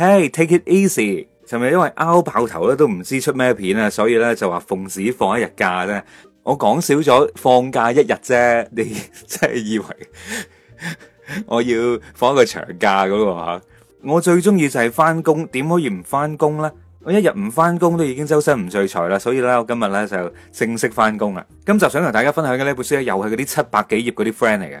嘿，take it easy，尋日因為拗爆頭咧都唔知出咩片啊，所以咧就話奉旨放一日假啫。我講少咗放假一日啫，你真係以為我要放一個長假噶吓？我最中意就係翻工，點可以唔翻工咧？我一日唔翻工都已經周身唔聚財啦，所以咧我今日咧就正式翻工啦。今集想同大家分享嘅呢本書咧，又係嗰啲七百幾頁嗰啲 friend 嚟嘅。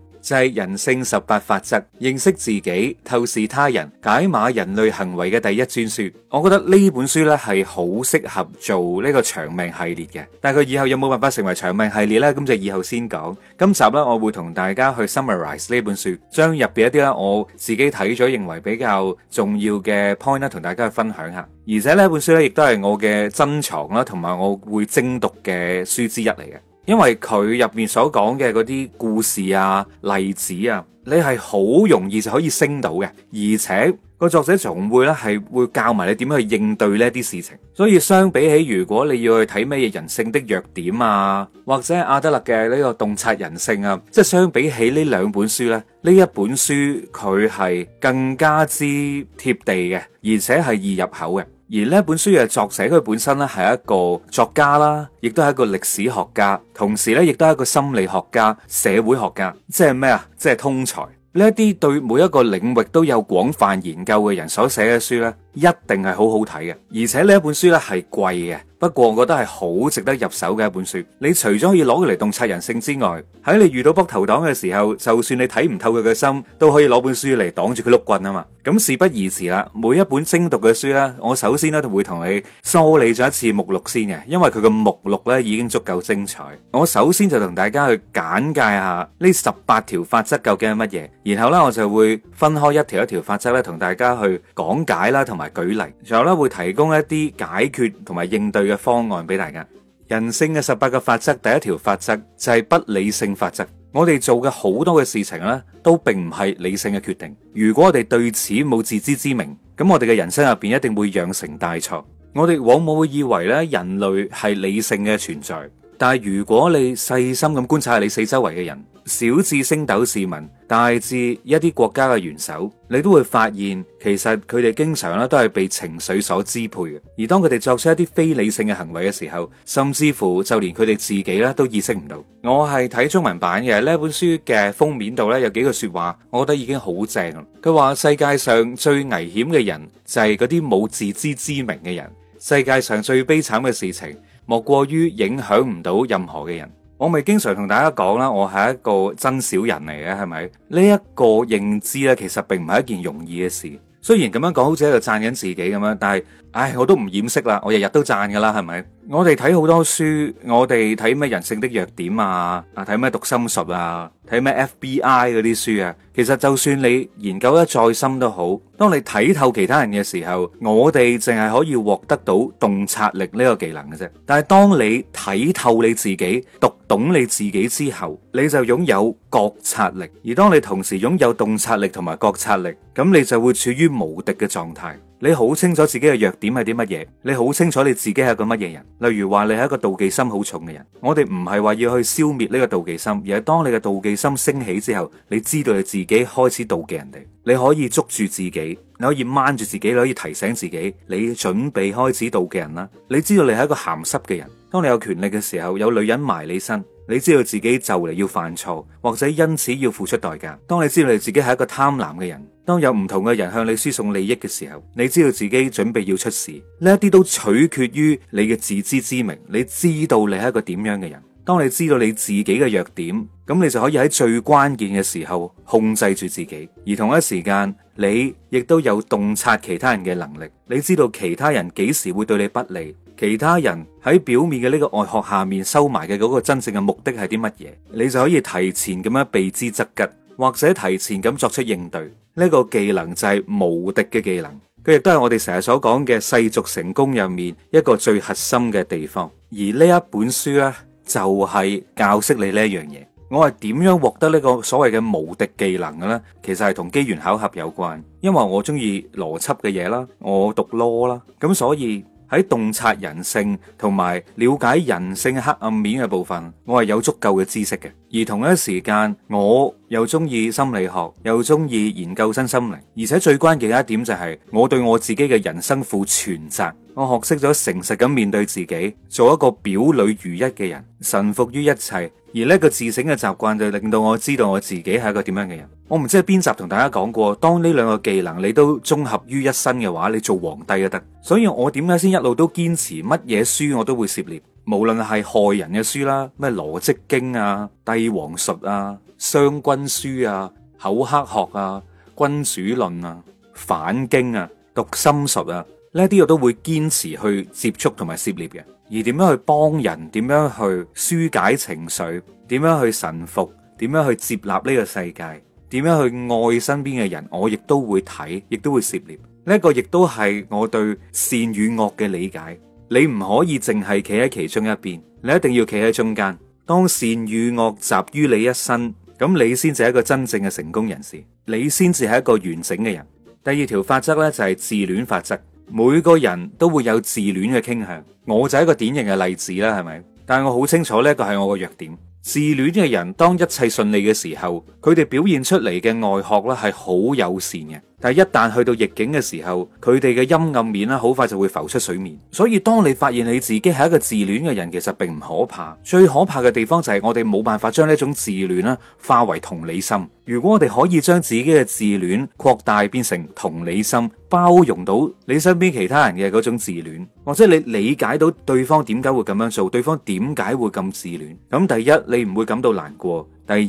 就係人性十八法則，認識自己，透視他人，解碼人類行為嘅第一專書。我覺得呢本書呢係好適合做呢個長命系列嘅，但係佢以後有冇辦法成為長命系列呢？咁就以後先講。今集呢，我會同大家去 summarize 呢本書，將入邊一啲咧我自己睇咗認為比較重要嘅 point 咧，同大家去分享下。而且呢本書呢，亦都係我嘅珍藏啦，同埋我會精讀嘅書之一嚟嘅。因為佢入面所講嘅嗰啲故事啊、例子啊，你係好容易就可以升到嘅，而且個作者仲會咧係會教埋你點樣去應對呢啲事情。所以相比起，如果你要去睇咩嘢人性的弱點啊，或者阿德勒嘅呢個洞察人性啊，即係相比起呢兩本書呢，呢一本書佢係更加之貼地嘅，而且係易入口嘅。而呢本書嘅作者佢本身咧，係一個作家啦，亦都係一個歷史學家，同時咧，亦都係一個心理學家、社會學家，即係咩啊？即係通才。呢一啲對每一個領域都有廣泛研究嘅人所寫嘅書咧，一定係好好睇嘅。而且呢一本書咧係貴嘅。不過我覺得係好值得入手嘅一本書。你除咗可以攞佢嚟洞察人性之外，喺你遇到卜頭黨嘅時候，就算你睇唔透佢嘅心，都可以攞本書嚟擋住佢碌棍啊嘛。咁事不宜遲啦，每一本精讀嘅書呢，我首先呢都會同你梳理咗一次目錄先嘅，因為佢嘅目錄呢已經足夠精彩。我首先就同大家去簡介下呢十八條法則究竟係乜嘢，然後呢我就會分開一條一條法則咧同大家去講解啦，同埋舉例，仲有咧會提供一啲解決同埋應對嘅方案俾大家，人性嘅十八個法則第一條法則就係不理性法則。我哋做嘅好多嘅事情咧，都並唔係理性嘅決定。如果我哋對此冇自知之明，咁我哋嘅人生入邊一定會釀成大錯。我哋往往會以為咧，人類係理性嘅存在。但係如果你細心咁觀察下你四周圍嘅人，小至星斗市民，大至一啲國家嘅元首，你都會發現其實佢哋經常咧都係被情緒所支配嘅。而當佢哋作出一啲非理性嘅行為嘅時候，甚至乎就連佢哋自己咧都意識唔到。我係睇中文版嘅呢本書嘅封面度咧有幾句說話，我覺得已經好正啦。佢話世界上最危險嘅人就係嗰啲冇自知之明嘅人，世界上最悲慘嘅事情，莫過於影響唔到任何嘅人，我咪經常同大家講啦，我係一個真小人嚟嘅，係咪？呢、這、一個認知呢，其實並唔係一件容易嘅事。雖然咁樣講，好似喺度讚緊自己咁樣，但係，唉，我都唔掩飾啦，我日日都讚噶啦，係咪？我哋睇好多書，我哋睇咩人性的弱點啊？啊，睇咩讀心術啊？睇咩 FBI 嗰啲書啊？其實就算你研究得再深都好，當你睇透其他人嘅時候，我哋淨係可以獲得到洞察力呢個技能嘅啫。但係當你睇透你自己、讀懂你自己之後，你就擁有覺察力。而當你同時擁有洞察力同埋覺察力，咁你就會處於無敵嘅狀態。你好清楚自己嘅弱點係啲乜嘢？你好清楚你自己係個乜嘢人？例如話你係一個妒忌心好重嘅人。我哋唔係話要去消滅呢個妒忌心，而係當你嘅妒忌心升起之後，你知道你自己開始妒忌人哋，你可以捉住自己，你可以掹住自己，你可以提醒自己你準備開始妒忌人啦。你知道你係一個鹹濕嘅人，當你有權力嘅時候，有女人埋你身，你知道自己就嚟要犯錯，或者因此要付出代價。當你知道你自己係一個貪婪嘅人。當有唔同嘅人向你輸送利益嘅時候，你知道自己準備要出事，呢一啲都取決於你嘅自知之明。你知道你係一個點樣嘅人，當你知道你自己嘅弱點，咁你就可以喺最關鍵嘅時候控制住自己。而同一時間，你亦都有洞察其他人嘅能力。你知道其他人幾時會對你不利，其他人喺表面嘅呢個外殼下面收埋嘅嗰個真正嘅目的係啲乜嘢，你就可以提前咁樣避之則吉。或者提前咁作出應對，呢、這個技能就係無敵嘅技能。佢亦都係我哋成日所講嘅世俗成功入面一個最核心嘅地方。而呢一本書咧，就係、是、教識你呢一樣嘢。我係點樣獲得呢個所謂嘅無敵技能嘅呢？其實係同機緣巧合有關，因為我中意邏輯嘅嘢啦，我讀 law 啦，咁所以。喺洞察人性同埋了解人性黑暗面嘅部分，我係有足夠嘅知識嘅。而同一時間，我又中意心理學，又中意研究身心靈。而且最關鍵嘅一點就係、是，我對我自己嘅人生負全責。我學識咗誠實咁面對自己，做一個表裏如一嘅人，臣服於一切。而呢個自省嘅習慣就令到我知道我自己係一個點樣嘅人。我唔知喺邊集同大家講過，當呢兩個技能你都綜合於一身嘅話，你做皇帝都得。所以我點解先一路都堅持乜嘢書我都會涉獵，無論係害人嘅書啦，咩《羅織經》啊、《帝王術》啊、《商君書》啊、《厚黑學》啊、《君主論》啊、《反經》啊、《讀心術》啊，呢啲我都會堅持去接觸同埋涉獵嘅。而點樣去幫人？點樣去紓解情緒？點樣去臣服？點樣去接納呢個世界？點樣去愛身邊嘅人？我亦都會睇，亦都會涉獵。呢個亦都係我對善與惡嘅理解。你唔可以淨係企喺其中一邊，你一定要企喺中間。當善與惡集於你一身，咁你先至係一個真正嘅成功人士，你先至係一個完整嘅人。第二條法則呢，就係自戀法則。每個人都會有自戀嘅傾向，我就係一個典型嘅例子啦，係咪？但係我好清楚呢個係我嘅弱點。自戀嘅人，當一切順利嘅時候，佢哋表現出嚟嘅外殼咧係好友善嘅。但係一旦去到逆境嘅時候，佢哋嘅陰暗面啦，好快就會浮出水面。所以當你發現你自己係一個自戀嘅人，其實並唔可怕。最可怕嘅地方就係我哋冇辦法將呢一種自戀啦，化為同理心。如果我哋可以將自己嘅自戀擴大，變成同理心，包容到你身邊其他人嘅嗰種自戀，或者你理解到對方點解會咁樣做，對方點解會咁自戀，咁第一你唔會感到難過，第二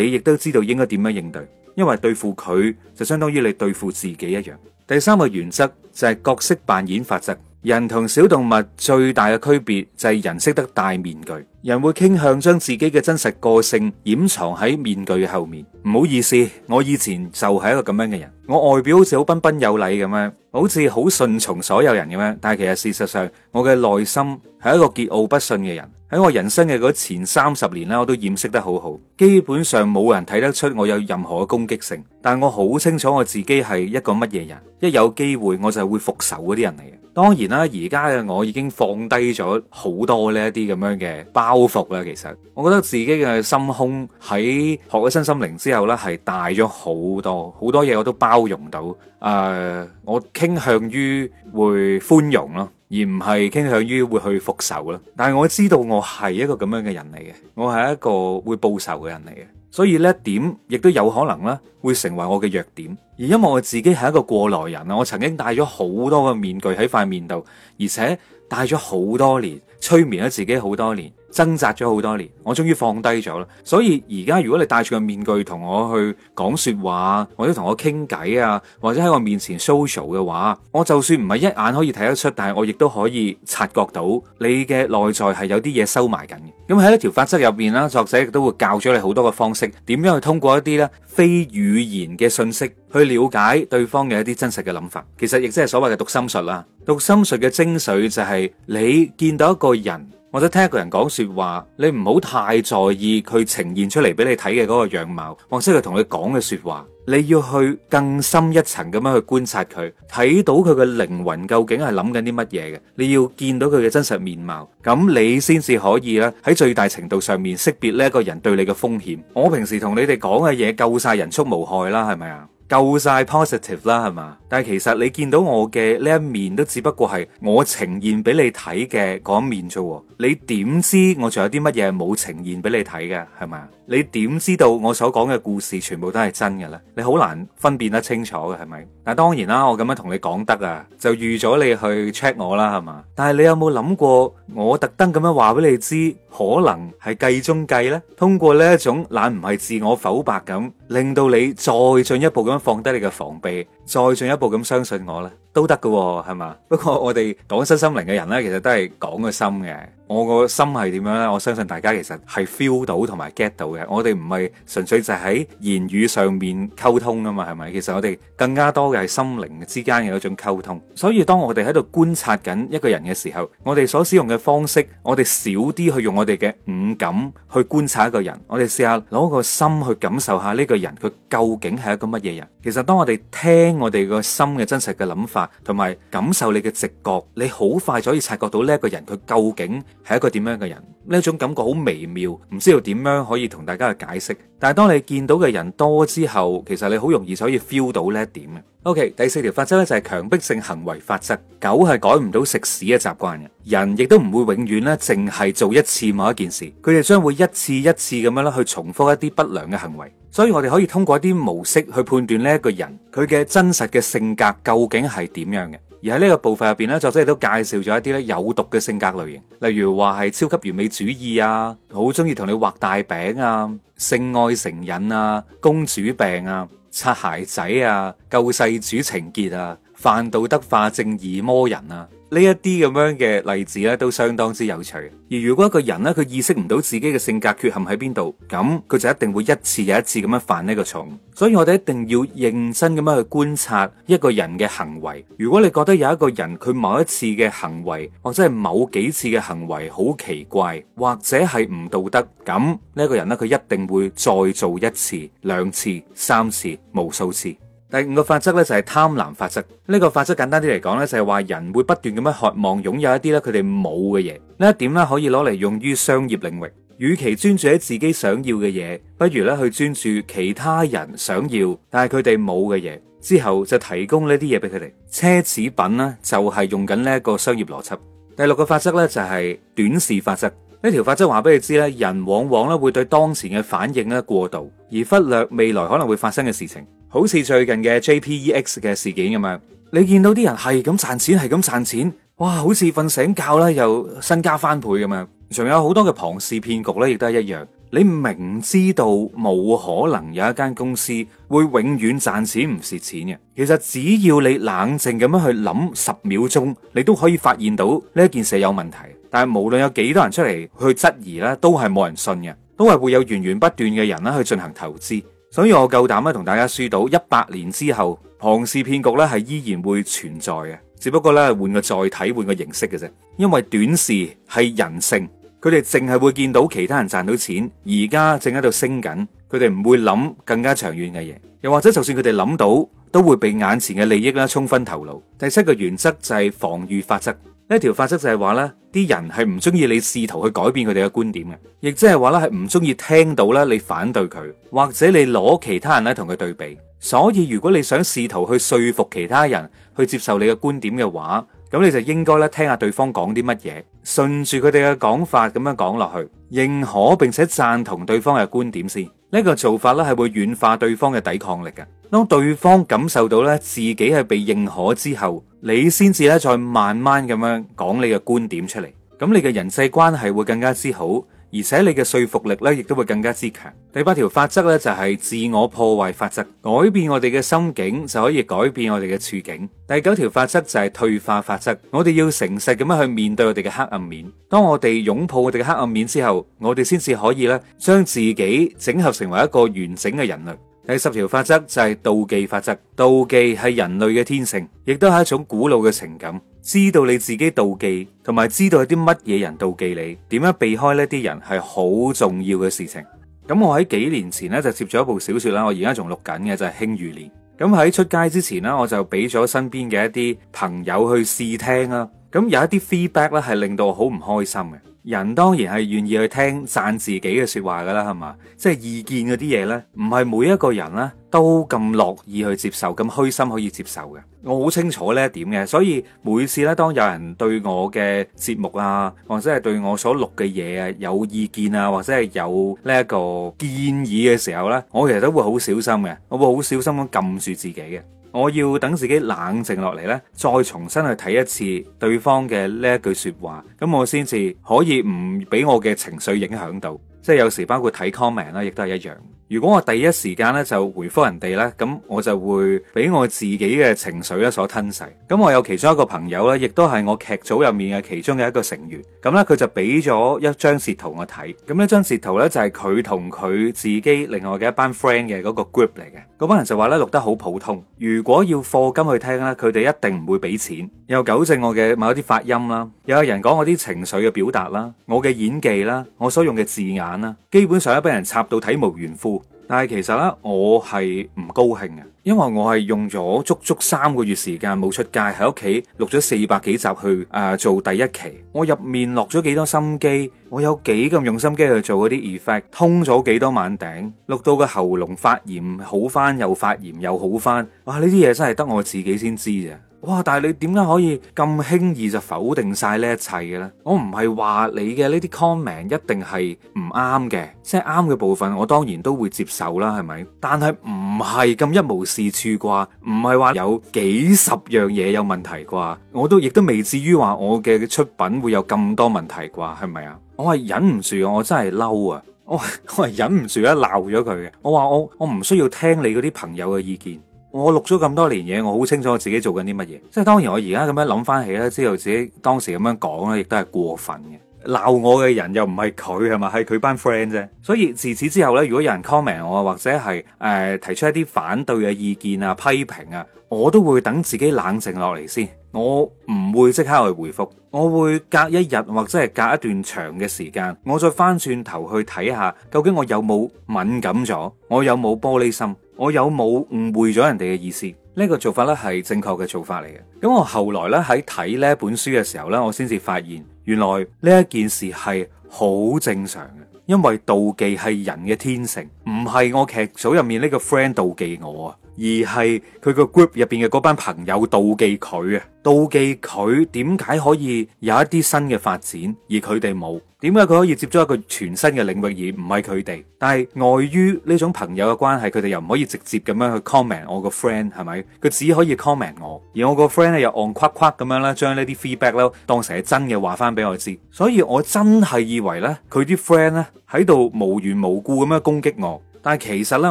你亦都知道應該點樣應對。因為對付佢就相當於你對付自己一樣。第三個原則就係角色扮演法則。人同小動物最大嘅區別就係人識得戴面具。人會傾向將自己嘅真實個性掩藏喺面具嘅後面。唔好意思，我以前就係一個咁樣嘅人。我外表好似好彬彬有禮咁樣，好似好順從所有人咁樣。但係其實事實上，我嘅內心係一個桀驁不馴嘅人。喺我人生嘅嗰前三十年啦，我都掩飾得好好，基本上冇人睇得出我有任何嘅攻擊性。但我好清楚我自己係一個乜嘢人。一有機會我就會復仇嗰啲人嚟嘅。當然啦，而家嘅我已經放低咗好多呢一啲咁樣嘅。包袱啦，其實我覺得自己嘅心胸喺學咗身心靈之後呢，係大咗好多，好多嘢我都包容到。誒、呃，我傾向於會寬容咯，而唔係傾向於會去復仇咯。但係我知道我係一個咁樣嘅人嚟嘅，我係一個會報仇嘅人嚟嘅，所以呢一點亦都有可能咧，會成為我嘅弱點。而因為我自己係一個過來人啊，我曾經戴咗好多嘅面具喺塊面度，而且戴咗好多年，催眠咗自己好多年。掙扎咗好多年，我終於放低咗啦。所以而家如果你戴住個面具同我去講說話，或者同我傾偈啊，或者喺我面前 social 嘅話，我就算唔係一眼可以睇得出，但係我亦都可以察覺到你嘅內在係有啲嘢收埋緊嘅。咁喺一條法則入邊啦，作者亦都會教咗你好多嘅方式，點樣去通過一啲咧非語言嘅信息去了解對方嘅一啲真實嘅諗法。其實亦即係所謂嘅讀心術啦。讀心術嘅精髓就係你見到一個人。或者聽一個人講說話，你唔好太在意佢呈現出嚟俾你睇嘅嗰個樣貌，或者佢同你講嘅說話，你要去更深一層咁樣去觀察佢，睇到佢嘅靈魂究竟係諗緊啲乜嘢嘅，你要見到佢嘅真實面貌，咁你先至可以咧喺最大程度上面識別呢一個人對你嘅風險。我平時同你哋講嘅嘢夠晒人畜無害啦，係咪啊？夠晒 positive 啦，係嘛？但係其實你見到我嘅呢一面，都只不過係我呈現俾你睇嘅嗰一面啫。你點知我仲有啲乜嘢冇呈現俾你睇嘅？係咪？你點知道我所講嘅故事全部都係真嘅呢？你好難分辨得清楚嘅係咪？嗱，但當然啦，我咁樣同你講得啊，就預咗你去 check 我啦，係嘛？但係你有冇諗過我特登咁樣話俾你知，可能係計中計呢？通過呢一種懶唔係自我否白咁，令到你再進一步咁樣放低你嘅防備。再進一步咁相信我咧，都得㗎喎，係嘛？不過我哋講身心靈嘅人呢，其實都係講個心嘅。我個心係點樣呢？我相信大家其實係 feel 到同埋 get 到嘅。我哋唔係純粹就喺言語上面溝通啊嘛，係咪？其實我哋更加多嘅係心靈之間嘅嗰種溝通。所以當我哋喺度觀察緊一個人嘅時候，我哋所使用嘅方式，我哋少啲去用我哋嘅五感去觀察一個人。我哋試下攞個心去感受下呢個人佢究竟係一個乜嘢人。其實當我哋聽，我哋個心嘅真實嘅諗法同埋感受，你嘅直覺，你好快就可以察覺到呢一個人佢究竟係一個點樣嘅人。呢種感覺好微妙，唔知道點樣可以同大家去解釋。但係當你見到嘅人多之後，其實你好容易就可以 feel 到呢一點嘅。OK，第四條法則咧就係強迫性行為法則，狗係改唔到食屎嘅習慣嘅，人亦都唔會永遠咧淨係做一次某一件事，佢哋將會一次一次咁樣咧去重複一啲不良嘅行為，所以我哋可以通過一啲模式去判斷呢一個人佢嘅真實嘅性格究竟係點樣嘅，而喺呢個部分入邊咧作者亦都介紹咗一啲咧有毒嘅性格類型，例如話係超級完美主義啊，好中意同你畫大餅啊，性愛成癮啊，公主病啊。擦鞋仔啊，救世主情結啊，泛道德化正義魔人啊！呢一啲咁樣嘅例子咧，都相當之有趣。而如果一個人咧，佢意識唔到自己嘅性格缺陷喺邊度，咁佢就一定會一次又一次咁樣犯呢個錯誤。所以我哋一定要認真咁樣去觀察一個人嘅行為。如果你覺得有一個人，佢某一次嘅行為，或者係某幾次嘅行為好奇怪，或者係唔道德，咁呢個人咧，佢一定會再做一次、兩次、三次、無數次。第五個法則咧就係貪婪法則，呢個法則簡單啲嚟講咧就係話人會不斷咁樣渴望擁有一啲咧佢哋冇嘅嘢。呢一點咧可以攞嚟用於商業領域，與其專注喺自己想要嘅嘢，不如咧去專注其他人想要但係佢哋冇嘅嘢，之後就提供呢啲嘢俾佢哋。奢侈品呢，就係用緊呢一個商業邏輯。第六個法則咧就係短視法則，呢條法則話俾你知咧，人往往咧會對當前嘅反應咧過度，而忽略未來可能會發生嘅事情。好似最近嘅 JPEX 嘅事件咁樣，你見到啲人係咁賺錢，係咁賺錢，哇！好似瞓醒覺啦，又身家翻倍咁樣，仲有好多嘅龐氏騙局咧，亦都係一樣。你明知道冇可能有一間公司會永遠賺錢唔蝕錢嘅，其實只要你冷靜咁樣去諗十秒鐘，你都可以發現到呢件事有問題。但係無論有幾多人出嚟去質疑咧，都係冇人信嘅，都係會有源源不斷嘅人啦去進行投資。所以我夠膽咧同大家說到一百年之後龐氏騙局咧係依然會存在嘅，只不過咧換個載體，換個形式嘅啫。因為短視係人性，佢哋淨係會見到其他人賺到錢，而家正喺度升緊，佢哋唔會諗更加長遠嘅嘢。又或者就算佢哋諗到，都會被眼前嘅利益啦衝昏頭腦。第七個原則就係防禦法則。呢條法則就係話呢啲人係唔中意你試圖去改變佢哋嘅觀點嘅，亦即係話呢係唔中意聽到咧你反對佢，或者你攞其他人咧同佢對比。所以如果你想試圖去說服其他人去接受你嘅觀點嘅話，咁你就應該咧聽下對方講啲乜嘢，順住佢哋嘅講法咁樣講落去，認可並且贊同對方嘅觀點先。呢個做法咧係會軟化對方嘅抵抗力嘅。當對方感受到咧自己係被認可之後，你先至咧再慢慢咁樣講你嘅觀點出嚟。嚟，咁你嘅人際關係會更加之好。而且你嘅說服力咧，亦都會更加之強。第八條法則咧就係自我破壞法則，改變我哋嘅心境就可以改變我哋嘅處境。第九條法則就係退化法則，我哋要誠實咁樣去面對我哋嘅黑暗面。當我哋擁抱我哋嘅黑暗面之後，我哋先至可以咧將自己整合成為一個完整嘅人類。第十條法則就係妒忌法則，妒忌係人類嘅天性，亦都係一種古老嘅情感。知道你自己妒忌，同埋知道有啲乜嘢人妒忌你，點樣避開呢啲人係好重要嘅事情。咁我喺幾年前呢，就接咗一部小說啦，我而家仲錄緊嘅就係、是《慶餘年》。咁喺出街之前呢，我就俾咗身邊嘅一啲朋友去試聽啦。咁有一啲 feedback 咧，係令到我好唔開心嘅。人當然係願意去聽讚自己嘅説話噶啦，係嘛？即係意見嗰啲嘢呢，唔係每一個人呢都咁樂意去接受，咁虛心可以接受嘅。我好清楚呢一點嘅，所以每次呢，當有人對我嘅節目啊，或者係對我所錄嘅嘢啊有意見啊，或者係有呢一個建議嘅時候呢，我其實都會好小心嘅，我會好小心咁撳住自己嘅。我要等自己冷靜落嚟咧，再重新去睇一次對方嘅呢一句說話，咁我先至可以唔俾我嘅情緒影響到，即係有時包括睇 comment 啦，亦都係一樣。如果我第一時間咧就回覆人哋咧，咁我就會俾我自己嘅情緒咧所吞噬。咁我有其中一個朋友咧，亦都係我劇組入面嘅其中嘅一個成員。咁呢，佢就俾咗一張截圖我睇。咁呢張截圖呢，就係佢同佢自己另外嘅一班 friend 嘅嗰個 group 嚟嘅。嗰班人就話咧錄得好普通。如果要課金去聽咧，佢哋一定唔會俾錢。又糾正我嘅某啲發音啦，又有人講我啲情緒嘅表達啦，我嘅演技啦，我所用嘅字眼啦，基本上都俾人插到體無完膚。但係其實呢，我係唔高興嘅，因為我係用咗足足三個月時間冇出街，喺屋企錄咗四百幾集去誒、呃、做第一期。我入面落咗幾多心機，我有幾咁用心機去做嗰啲 effect，通咗幾多晚頂，錄到個喉嚨發炎好返又發炎又好返。哇！呢啲嘢真係得我自己先知咋～哇！但係你點解可以咁輕易就否定晒呢一切嘅咧？我唔係話你嘅呢啲 comment 一定係唔啱嘅，即係啱嘅部分，我當然都會接受啦，係咪？但係唔係咁一無是處啩？唔係話有幾十樣嘢有問題啩？我都亦都未至於話我嘅出品會有咁多問題啩？係咪啊？我係忍唔住，我真係嬲啊！我我係忍唔住一鬧咗佢嘅。我話我我唔需要聽你嗰啲朋友嘅意見。我錄咗咁多年嘢，我好清楚我自己做緊啲乜嘢。即係當然，我而家咁樣諗翻起咧，之後自己當時咁樣講咧，亦都係過分嘅。鬧我嘅人又唔係佢係嘛，係佢班 friend 啫。所以自此之後呢，如果有人 comment 我，或者係誒、呃、提出一啲反對嘅意見啊、批評啊，我都會等自己冷靜落嚟先，我唔會即刻去回覆我會隔一日或者係隔一段長嘅時間，我再翻轉頭去睇下，究竟我有冇敏感咗，我有冇玻璃心。我有冇誤會咗人哋嘅意思？呢個做法呢係正確嘅做法嚟嘅。咁我後來呢，喺睇呢本書嘅時候呢，我先至發現原來呢一件事係好正常嘅，因為妒忌係人嘅天性，唔係我劇組入面呢個 friend 妒忌我啊。而係佢個 group 入邊嘅嗰班朋友妒忌佢啊！妒忌佢，點解可以有一啲新嘅發展，而佢哋冇？點解佢可以接觸一個全新嘅領域，而唔係佢哋？但係礙於呢種朋友嘅關係，佢哋又唔可以直接咁樣去 comment 我個 friend，係咪？佢只可以 comment 我，而我個 friend 咧又按「n 夸夸咁樣咧，將呢啲 feedback 咧當成係真嘅話翻俾我知。所以我真係以為呢，佢啲 friend 咧喺度無緣無故咁樣攻擊我。但其實咧，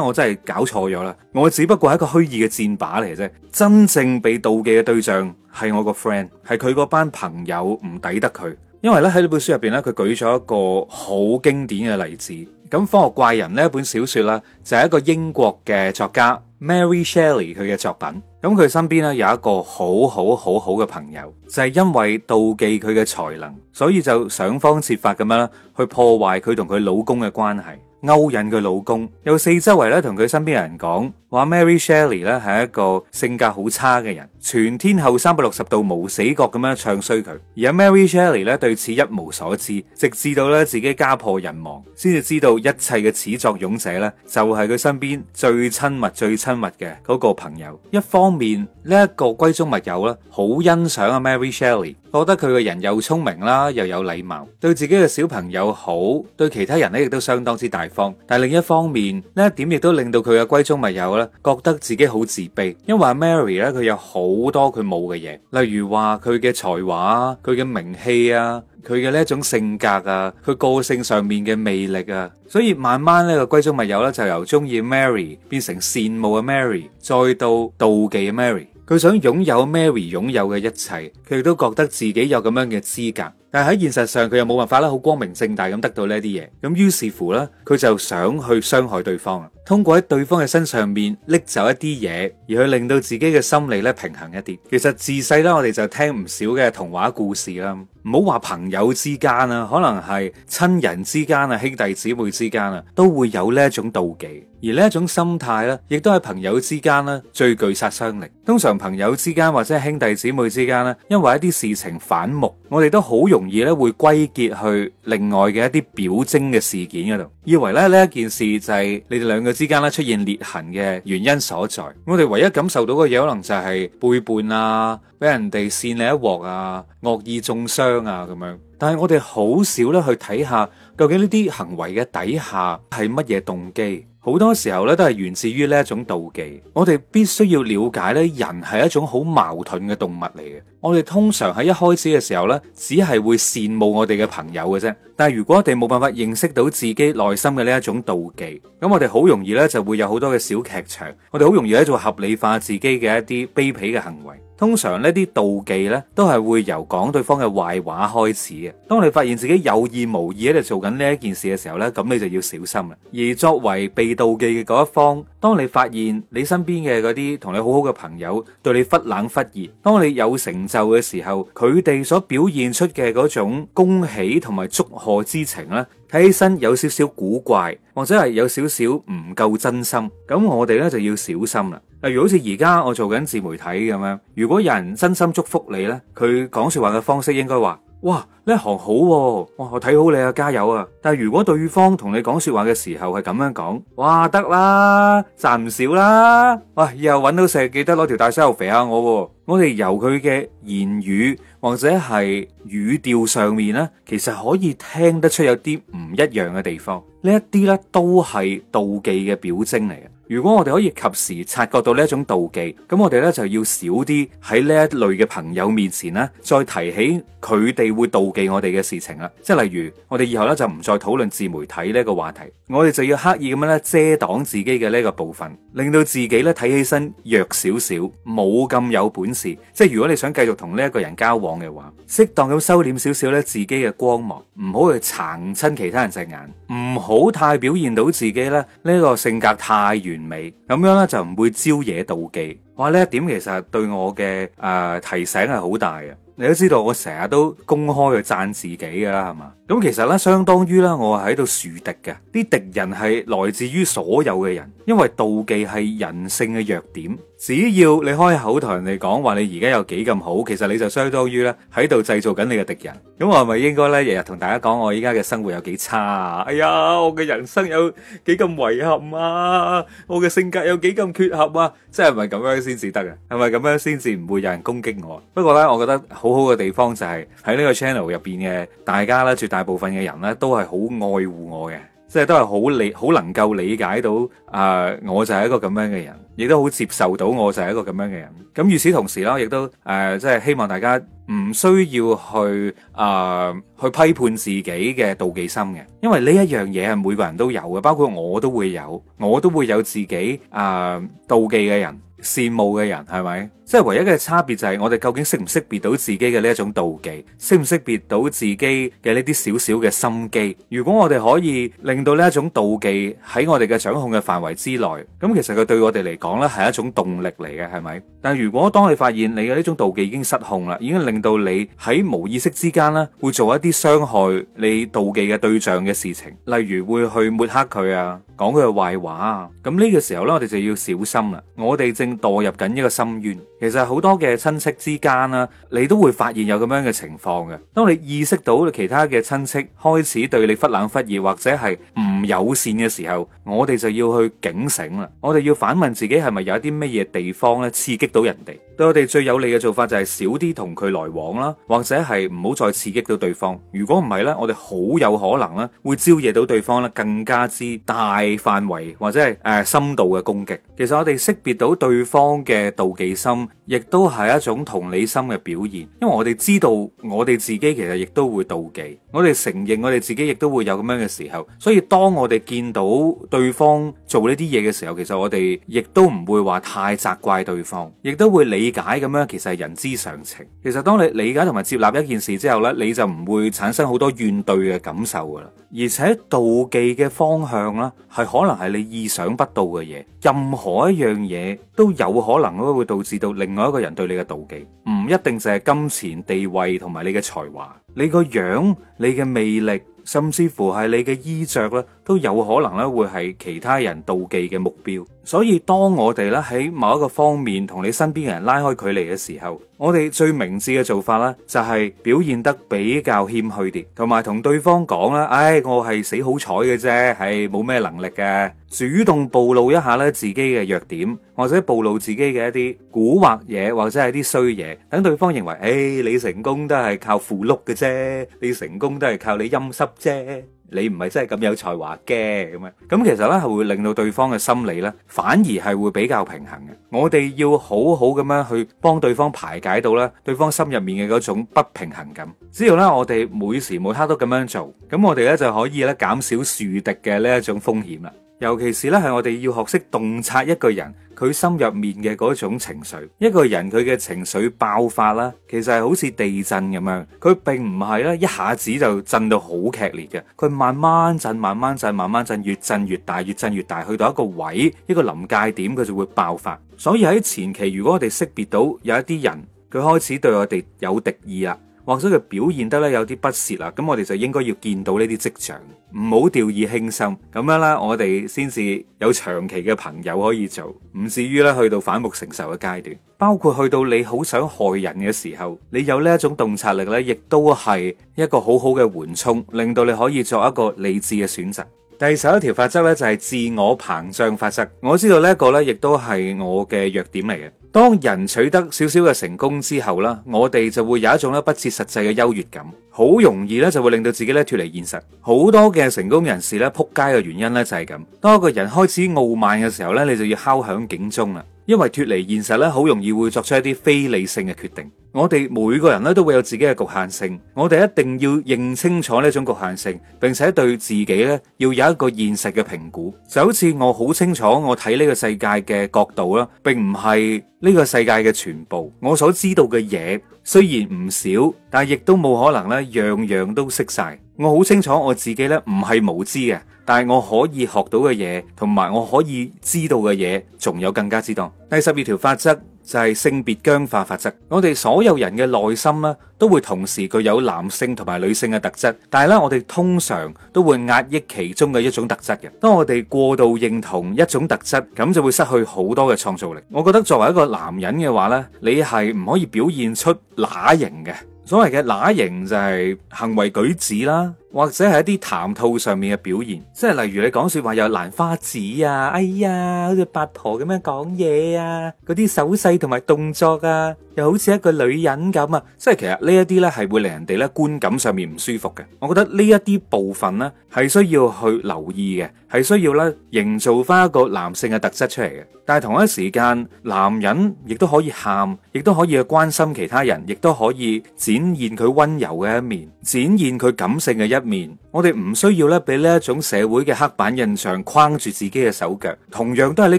我真係搞錯咗啦！我只不過係一個虛擬嘅戰靶嚟啫，真正被妒忌嘅對象係我個 friend，係佢嗰班朋友唔抵得佢。因為咧喺呢本書入邊咧，佢舉咗一個好經典嘅例子。咁《科學怪人》呢一本小說咧，就係一個英國嘅作家 Mary Shelley 佢嘅作品。咁佢身邊咧有一個很很很好好好好嘅朋友，就係、是、因為妒忌佢嘅才能，所以就想方設法咁樣去破壞佢同佢老公嘅關係。勾引佢老公，又四周圍咧同佢身邊嘅人講，話 Mary Shelley 咧係一個性格好差嘅人，全天候三百六十度無死角咁樣唱衰佢。而阿 Mary Shelley 咧對此一無所知，直至到咧自己家破人亡，先至知道一切嘅始作俑者咧就係、是、佢身邊最親密、最親密嘅嗰個朋友。一方面呢一、這個閨中密友啦，好欣賞阿、啊、Mary Shelley。覺得佢個人又聰明啦，又有禮貌，對自己嘅小朋友好，對其他人咧亦都相當之大方。但係另一方面，呢一點亦都令到佢嘅閨中密友咧，覺得自己好自卑，因為 Mary 咧佢有好多佢冇嘅嘢，例如話佢嘅才華啊，佢嘅名氣啊，佢嘅呢一種性格啊，佢個性上面嘅魅力啊，所以慢慢呢個閨中密友咧就由中意 Mary 變成羨慕嘅 Mary，再到妒忌嘅 Mary。佢想擁有 Mary 擁有嘅一切，佢亦都覺得自己有咁樣嘅資格。但喺現實上，佢又冇辦法啦，好光明正大咁得到呢啲嘢。咁於是乎呢，佢就想去傷害對方啊。通過喺對方嘅身上面拎走一啲嘢，而去令到自己嘅心理咧平衡一啲。其實自細咧，我哋就聽唔少嘅童話故事啦。唔好話朋友之間啊，可能係親人之間啊、兄弟姊妹之間啊，都會有呢一種妒忌。而呢一種心態咧，亦都係朋友之間呢最具殺傷力。通常朋友之間或者兄弟姊妹之間呢，因為一啲事情反目，我哋都好容容易咧會歸結去另外嘅一啲表徵嘅事件嗰度，以為咧呢一件事就係你哋兩個之間咧出現裂痕嘅原因所在。我哋唯一感受到嘅嘢，可能就係背叛啊，俾人哋扇你一鑊啊，惡意中傷啊咁樣。但係我哋好少咧去睇下，究竟呢啲行為嘅底下係乜嘢動機。好多時候咧都係源自於呢一種妒忌，我哋必須要了解咧，人係一種好矛盾嘅動物嚟嘅。我哋通常喺一開始嘅時候咧，只係會羨慕我哋嘅朋友嘅啫。但係如果我哋冇辦法認識到自己內心嘅呢一種妒忌，咁我哋好容易咧就會有好多嘅小劇場，我哋好容易喺度合理化自己嘅一啲卑鄙嘅行為。通常呢啲妒忌呢，都係會由講對方嘅壞話開始嘅。當你發現自己有意無意喺度做緊呢一件事嘅時候呢，咁你就要小心啦。而作為被妒忌嘅嗰一方，當你發現你身邊嘅嗰啲同你好好嘅朋友對你忽冷忽熱，當你有成就嘅時候，佢哋所表現出嘅嗰種恭喜同埋祝賀之情呢。睇起身有少少古怪，或者係有少少唔夠真心，咁我哋咧就要小心啦。例如好似而家我做緊自媒體咁樣，如果有人真心祝福你咧，佢講說話嘅方式應該話。哇！呢行好喎，哇！我睇好你啊，加油啊！但係如果對方同你講說話嘅時候係咁樣講，哇！得啦，賺唔少啦，喂！以後搵到食記得攞條大細路肥下我喎。我哋由佢嘅言語或者係語調上面呢，其實可以聽得出有啲唔一樣嘅地方。呢一啲呢，都係妒忌嘅表徵嚟嘅。如果我哋可以及時察覺到呢一種妒忌，咁我哋咧就要少啲喺呢一類嘅朋友面前呢，再提起佢哋會妒忌我哋嘅事情啦。即係例如，我哋以後咧就唔再討論自媒體呢一個話題，我哋就要刻意咁樣咧遮擋自己嘅呢一個部分，令到自己咧睇起身弱少少，冇咁有本事。即係如果你想繼續同呢一個人交往嘅話，適當咁收斂少少咧自己嘅光芒，唔好去殘親其他人隻眼，唔好太表現到自己咧呢個性格太圓完美咁樣咧就唔會招惹妒忌，話呢一點其實對我嘅，誒、呃、提醒係好大嘅。你都知道我成日都公開去讚自己噶啦，係嘛？咁其實呢，相當於呢，我喺度樹敵嘅，啲敵人係來自於所有嘅人，因為妒忌係人性嘅弱點。只要你開口同人哋講話你而家有幾咁好，其實你就相當於咧喺度製造緊你嘅敵人。咁我係咪應該咧日日同大家講我而家嘅生活有幾差啊？哎呀，我嘅人生有幾咁遺憾啊！我嘅性格有幾咁缺陷啊！即係唔係咁樣先至得啊？係咪咁樣先至唔會有人攻擊我？不過咧，我覺得好好嘅地方就係喺呢個 channel 入邊嘅大家咧，絕大部分嘅人咧都係好愛護我嘅。即係都係好理好能夠理解到啊、呃，我就係一個咁樣嘅人，亦都好接受到我就係一個咁樣嘅人。咁與此同時啦，亦都誒、呃，即係希望大家唔需要去啊、呃、去批判自己嘅妒忌心嘅，因為呢一樣嘢係每個人都有嘅，包括我都會有，我都會有自己啊、呃、妒忌嘅人。羨慕嘅人係咪？即係唯一嘅差別就係我哋究竟識唔識別到自己嘅呢一種妒忌，識唔識別到自己嘅呢啲少少嘅心機？如果我哋可以令到呢一種妒忌喺我哋嘅掌控嘅範圍之內，咁其實佢對我哋嚟講呢係一種動力嚟嘅，係咪？但係如果當你發現你嘅呢種妒忌已經失控啦，已經令到你喺無意識之間呢會做一啲傷害你妒忌嘅對象嘅事情，例如會去抹黑佢啊，講佢嘅壞話啊，咁呢個時候呢，我哋就要小心啦。我哋正。墮入緊一個深淵，其實好多嘅親戚之間啦，你都會發現有咁樣嘅情況嘅。當你意識到你其他嘅親戚開始對你忽冷忽熱或者係唔友善嘅時候，我哋就要去警醒啦。我哋要反問自己係咪有一啲乜嘢地方咧刺激到人哋？對我哋最有利嘅做法就係少啲同佢來往啦，或者係唔好再刺激到對方。如果唔係呢，我哋好有可能咧會招惹到對方咧更加之大範圍或者係誒、呃、深度嘅攻擊。其實我哋識別到對方嘅妒忌心，亦都係一種同理心嘅表現，因為我哋知道我哋自己其實亦都會妒忌，我哋承認我哋自己亦都會有咁樣嘅時候。所以當我哋見到對方做呢啲嘢嘅時候，其實我哋亦都唔會話太責怪對方，亦都會理理解咁樣其實係人之常情。其實當你理解同埋接納一件事之後呢，你就唔會產生好多怨懟嘅感受噶啦。而且妒忌嘅方向啦，係可能係你意想不到嘅嘢，任何一樣嘢都有可能都會導致到另外一個人對你嘅妒忌，唔一定就係金錢、地位同埋你嘅才華，你個樣。你嘅魅力，甚至乎係你嘅衣著咧，都有可能咧會係其他人妒忌嘅目標。所以當我哋咧喺某一個方面同你身邊嘅人拉開距離嘅時候，我哋最明智嘅做法咧就係表現得比較謙虛啲，同埋同對方講啦，唉，我係死好彩嘅啫，係冇咩能力嘅。主動暴露一下咧自己嘅弱點，或者暴露自己嘅一啲蠱惑嘢，或者係啲衰嘢，等對方認為，唉，你成功都係靠附碌嘅啫，你成功都係靠你陰濕啫，你唔係真係咁有才華嘅咁啊。咁其實呢係會令到對方嘅心理呢，反而係會比較平衡嘅。我哋要好好咁樣去幫對方排解到咧，對方心入面嘅嗰種不平衡感。只要咧我哋每時每刻都咁樣做，咁我哋呢就可以咧減少樹敵嘅呢一種風險啦。尤其是呢係我哋要學識洞察一個人，佢心入面嘅嗰種情緒，一個人佢嘅情緒爆發啦，其實係好似地震咁樣，佢並唔係咧一下子就震到好劇烈嘅，佢慢慢震、慢慢震、慢慢震，越震越大、越震越大，去到一個位、一個臨界點，佢就會爆發。所以喺前期，如果我哋識別到有一啲人，佢開始對我哋有敵意啦。或者佢表現得咧有啲不屑啦，咁我哋就應該要見到呢啲跡象，唔好掉以輕心，咁樣咧我哋先至有長期嘅朋友可以做，唔至於咧去到反目成仇嘅階段。包括去到你好想害人嘅時候，你有呢一種洞察力咧，亦都係一個好好嘅緩衝，令到你可以作一個理智嘅選擇。第十一條法則咧就係自我膨脹法則。我知道呢一個呢，亦都係我嘅弱點嚟嘅。當人取得少少嘅成功之後呢，我哋就會有一種咧不切實際嘅優越感，好容易呢就會令到自己咧脱離現實。好多嘅成功人士咧，撲街嘅原因呢，就係咁。當一個人開始傲慢嘅時候呢，你就要敲響警鐘啦。因為脫離現實咧，好容易會作出一啲非理性嘅決定。我哋每個人咧都會有自己嘅局限性，我哋一定要認清楚呢種局限性，並且對自己咧要有一個現實嘅評估。就好似我好清楚我睇呢個世界嘅角度啦，並唔係呢個世界嘅全部。我所知道嘅嘢雖然唔少，但亦都冇可能咧樣樣都識晒。我好清楚我自己呢唔係無知嘅，但係我可以學到嘅嘢，同埋我可以知道嘅嘢，仲有更加之多。第十二條法則就係性別僵化法則。我哋所有人嘅內心咧，都會同時具有男性同埋女性嘅特質，但係咧，我哋通常都會壓抑其中嘅一種特質嘅。當我哋過度認同一種特質，咁就會失去好多嘅創造力。我覺得作為一個男人嘅話咧，你係唔可以表現出乸型嘅。所謂嘅乸型就係行為舉止啦。或者係一啲談吐上面嘅表現，即係例如你講説話有蘭花指啊，哎呀，好似八婆咁樣講嘢啊，嗰啲手勢同埋動作啊，又好似一個女人咁啊，即係其實呢一啲呢係會令人哋呢觀感上面唔舒服嘅。我覺得呢一啲部分呢係需要去留意嘅，係需要呢營造翻一個男性嘅特質出嚟嘅。但係同一時間，男人亦都可以喊，亦都可以去關心其他人，亦都可以展現佢溫柔嘅一面，展現佢感性嘅一面。一面，我哋唔需要咧，俾呢一種社會嘅黑板印象框住自己嘅手腳。同樣都係呢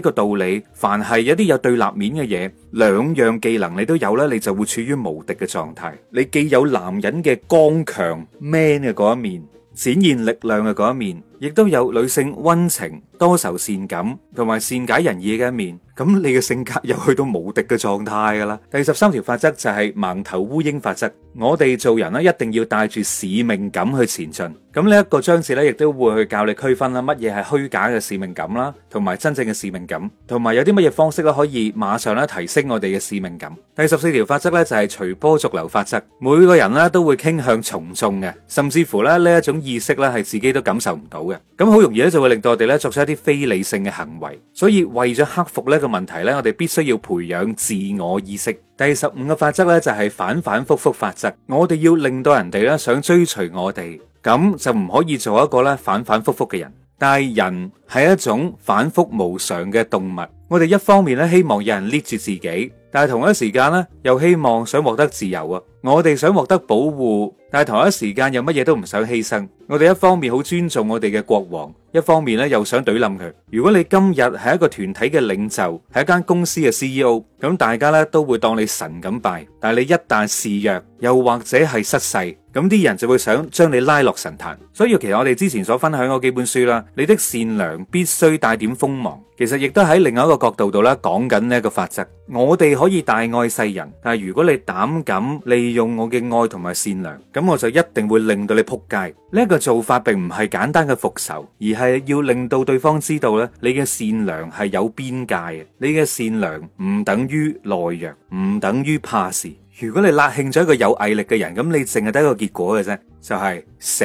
個道理，凡係有啲有對立面嘅嘢，兩樣技能你都有咧，你就會處於無敵嘅狀態。你既有男人嘅剛強，man 嘅嗰一面，展現力量嘅嗰一面。亦都有女性溫情、多愁善感同埋善解人意嘅一面。咁你嘅性格又去到無敵嘅狀態噶啦。第十三條法則就係盲頭烏蠅法則。我哋做人咧，一定要帶住使命感去前進。咁呢一個章節咧，亦都會去教你區分啦，乜嘢係虛假嘅使命感啦，同埋真正嘅使命感，同埋有啲乜嘢方式咧，可以馬上咧，提升我哋嘅使命感。第十四條法則咧，就係隨波逐流法則。每個人咧，都會傾向從眾嘅，甚至乎咧，呢一種意識咧，係自己都感受唔到。咁好容易咧，就會令到我哋咧作出一啲非理性嘅行為。所以為咗克服呢個問題咧，我哋必須要培養自我意識。第十五個法則咧就係反反复覆法則。我哋要令到人哋咧想追隨我哋，咁就唔可以做一個咧反反复复嘅人。但係人係一種反覆無常嘅動物。我哋一方面咧希望有人 lead 住自己，但係同一時間咧又希望想獲得自由啊。我哋想獲得保護，但係同一時間又乜嘢都唔想犧牲。我哋一方面好尊重我哋嘅國王，一方面咧又想懟冧佢。如果你今日係一個團體嘅領袖，係一間公司嘅 CEO，咁大家咧都會當你神咁拜。但係你一旦示弱，又或者係失勢，咁啲人就會想將你拉落神壇。所以其實我哋之前所分享嗰幾本書啦，你的善良必須帶點鋒芒，其實亦都喺另外一個角度度咧講緊呢個法則。我哋可以大愛世人，但係如果你膽敢你用我嘅愛同埋善良，咁我就一定會令到你撲街。呢、這、一個做法並唔係簡單嘅復仇，而係要令到對方知道咧，你嘅善良係有邊界嘅，你嘅善良唔等於懦弱，唔等於怕事。如果你勒慶咗一個有毅力嘅人，咁你淨係得一個結果嘅啫，就係、是、死。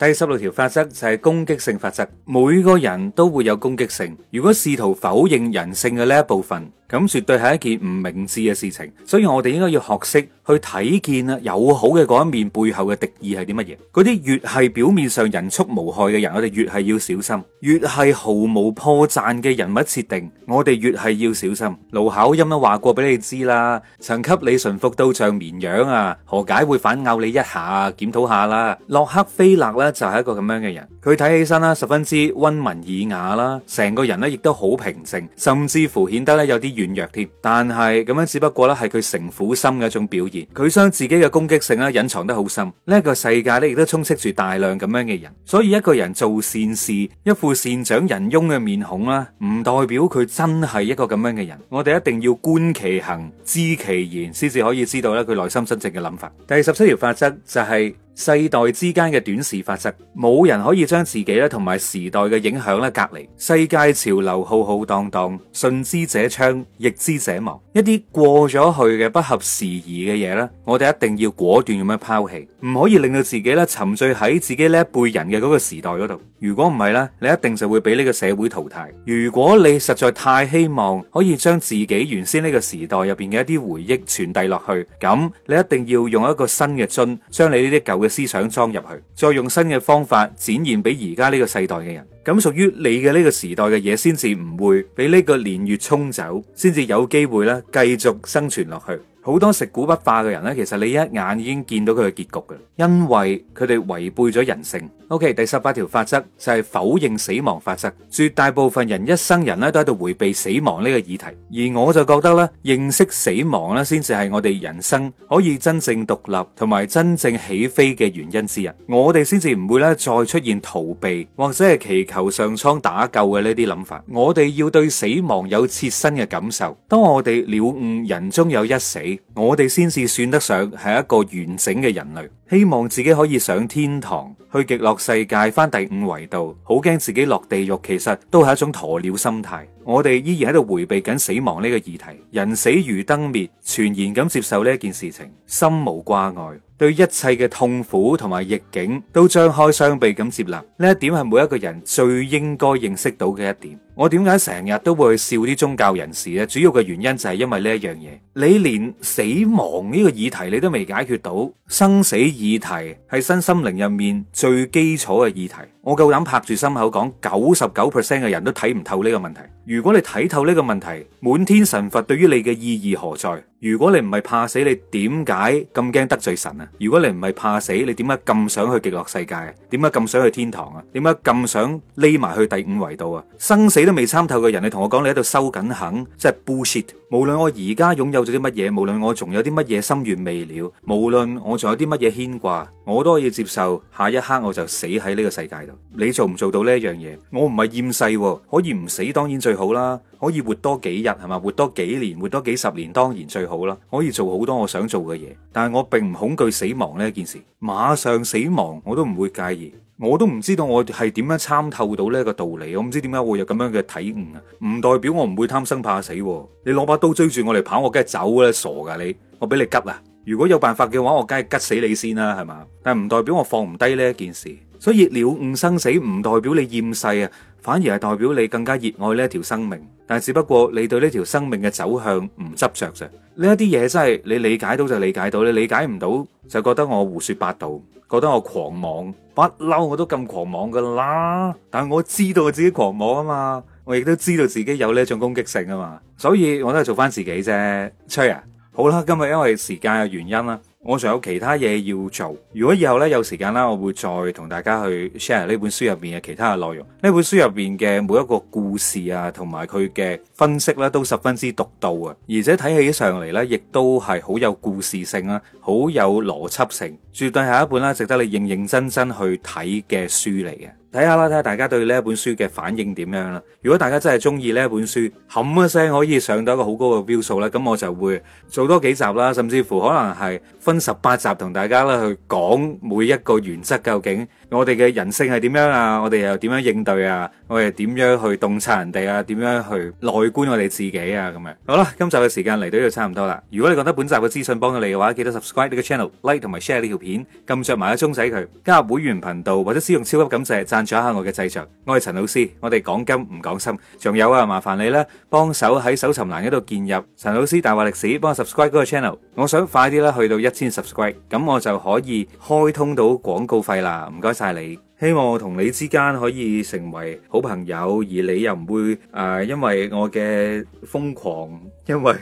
第十六條法則就係攻擊性法則，每個人都會有攻擊性。如果試圖否認人性嘅呢一部分。咁絕對係一件唔明智嘅事情，所以我哋應該要學識去睇見啊友好嘅嗰一面背後嘅敵意係啲乜嘢？嗰啲越係表面上人畜無害嘅人，我哋越係要小心；越係毫無破綻嘅人物設定，我哋越係要小心。盧巧音都話過俾你知啦，曾給你馴服到像綿羊啊，何解會反咬你一下？檢討下啦，洛克菲勒咧就係一個咁樣嘅人，佢睇起身啦，十分之溫文爾雅啦，成個人咧亦都好平靜，甚至乎顯得咧有啲軟弱添，但係咁樣只不過咧係佢城府深嘅一種表現，佢將自己嘅攻擊性咧隱藏得好深。呢一個世界咧亦都充斥住大量咁樣嘅人，所以一個人做善事，一副善長仁翁嘅面孔啦，唔代表佢真係一個咁樣嘅人。我哋一定要觀其行，知其言，先至可以知道咧佢內心真正嘅諗法。第十七條法則就係。世代之間嘅短視法則，冇人可以將自己咧同埋時代嘅影響咧隔離。世界潮流浩浩蕩蕩，順之者昌，逆之者亡。一啲過咗去嘅不合時宜嘅嘢咧，我哋一定要果斷咁樣拋棄，唔可以令到自己咧沉醉喺自己呢一輩人嘅嗰個時代嗰度。如果唔係咧，你一定就會俾呢個社會淘汰。如果你實在太希望可以將自己原先呢個時代入邊嘅一啲回憶傳遞落去，咁你一定要用一個新嘅樽將你呢啲舊嘅思想裝入去，再用新嘅方法展現俾而家呢個世代嘅人，咁屬於你嘅呢個時代嘅嘢，先至唔會俾呢個年月沖走，先至有機會咧繼續生存落去。好多食古不化嘅人呢，其實你一眼已經見到佢嘅結局噶，因為佢哋違背咗人性。OK，第十八條法則就係否認死亡法則。絕大部分人一生人咧都喺度回避死亡呢個議題，而我就覺得咧，認識死亡咧先至係我哋人生可以真正獨立同埋真正起飛嘅原因之一。我哋先至唔會咧再出現逃避或者係祈求上蒼打救嘅呢啲諗法。我哋要對死亡有切身嘅感受。當我哋了悟人終有一死。我哋先至算得上係一個完整嘅人類。希望自己可以上天堂，去極樂世界，翻第五維度，好驚自己落地獄。其實都係一種鴕鳥心態。我哋依然喺度回避緊死亡呢個議題。人死如燈滅，全然咁接受呢一件事情，心無掛礙，對一切嘅痛苦同埋逆境都張開雙臂咁接納。呢一點係每一個人最應該認識到嘅一點。我點解成日都會笑啲宗教人士咧？主要嘅原因就係因為呢一樣嘢，你連死亡呢個議題你都未解決到，生死。議題係身心靈入面最基礎嘅議題。我夠膽拍住心口講，九十九 percent 嘅人都睇唔透呢個問題。如果你睇透呢個問題，滿天神佛對於你嘅意義何在？如果你唔係怕死，你點解咁驚得罪神啊？如果你唔係怕死，你點解咁想去極樂世界？點解咁想去天堂啊？點解咁想匿埋去第五維度啊？生死都未參透嘅人，你同我講你喺度收緊肯，即係 bullshit。無論我而家擁有咗啲乜嘢，無論我仲有啲乜嘢心願未了，無論我仲有啲乜嘢牽掛，我都可以接受，下一刻我就死喺呢個世界。你做唔做到呢一樣嘢？我唔係厭世，可以唔死當然最好啦。可以活多幾日係嘛？活多幾年，活多幾十年當然最好啦。可以做好多我想做嘅嘢，但係我並唔恐懼死亡呢一件事。馬上死亡我都唔會介意，我都唔知道我係點樣參透到呢一個道理。我唔知點解會有咁樣嘅體悟啊？唔代表我唔會貪生怕死。你攞把刀追住我嚟跑，我梗係走啦，傻噶你！我俾你吉啊！如果有辦法嘅話，我梗係吉死你先啦，係嘛？但係唔代表我放唔低呢一件事。所以了悟生死唔代表你厭世啊，反而係代表你更加熱愛呢一條生命。但係只不過你對呢條生命嘅走向唔執着啫。呢一啲嘢真係你理解到就理解到，你理解唔到就覺得我胡說八道，覺得我狂妄。不嬲，我都咁狂妄噶啦。但係我知道我自己狂妄啊嘛，我亦都知道自己有呢一種攻擊性啊嘛。所以我都係做翻自己啫，吹啊。好啦，今日因為時間嘅原因啦。我仲有其他嘢要做，如果以後呢，有時間啦，我會再同大家去 share 呢本書入邊嘅其他嘅內容。呢本書入邊嘅每一個故事啊，同埋佢嘅分析呢、啊，都十分之獨到啊，而且睇起上嚟呢，亦都係好有故事性啦，好有邏輯性，絕對係一本啦、啊，值得你認認真真去睇嘅書嚟嘅。睇下啦，睇下大家對呢一本書嘅反應點樣啦。如果大家真係中意呢一本書，冚一聲可以上到一個好高嘅標數咧，咁我就會做多幾集啦，甚至乎可能係分十八集同大家咧去講每一個原則究竟。我哋嘅人性係點樣啊？我哋又點樣應對啊？我哋點樣去洞察人哋啊？點樣去內觀我哋自己啊？咁樣，好啦，今集嘅時間嚟到呢度差唔多啦。如果你覺得本集嘅資訊幫到你嘅話，記得 subscribe 呢個 channel，like 同埋 share 呢條片，撳著埋個鐘仔佢，加入會員頻道或者使用超級感謝贊助一下我嘅製作。我係陳老師，我哋講金唔講心。仲有啊，麻煩你咧，幫手喺搜尋欄嗰度建入陳老師大話歷史，幫我 subscribe 嗰個 channel。我想快啲啦去到一千 subscribe，咁我就可以開通到廣告費啦。唔該晒你，希望我同你之間可以成為好朋友，而你又唔會誒、呃，因為我嘅瘋狂，因為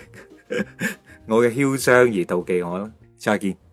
我嘅囂張而妒忌我啦。再見。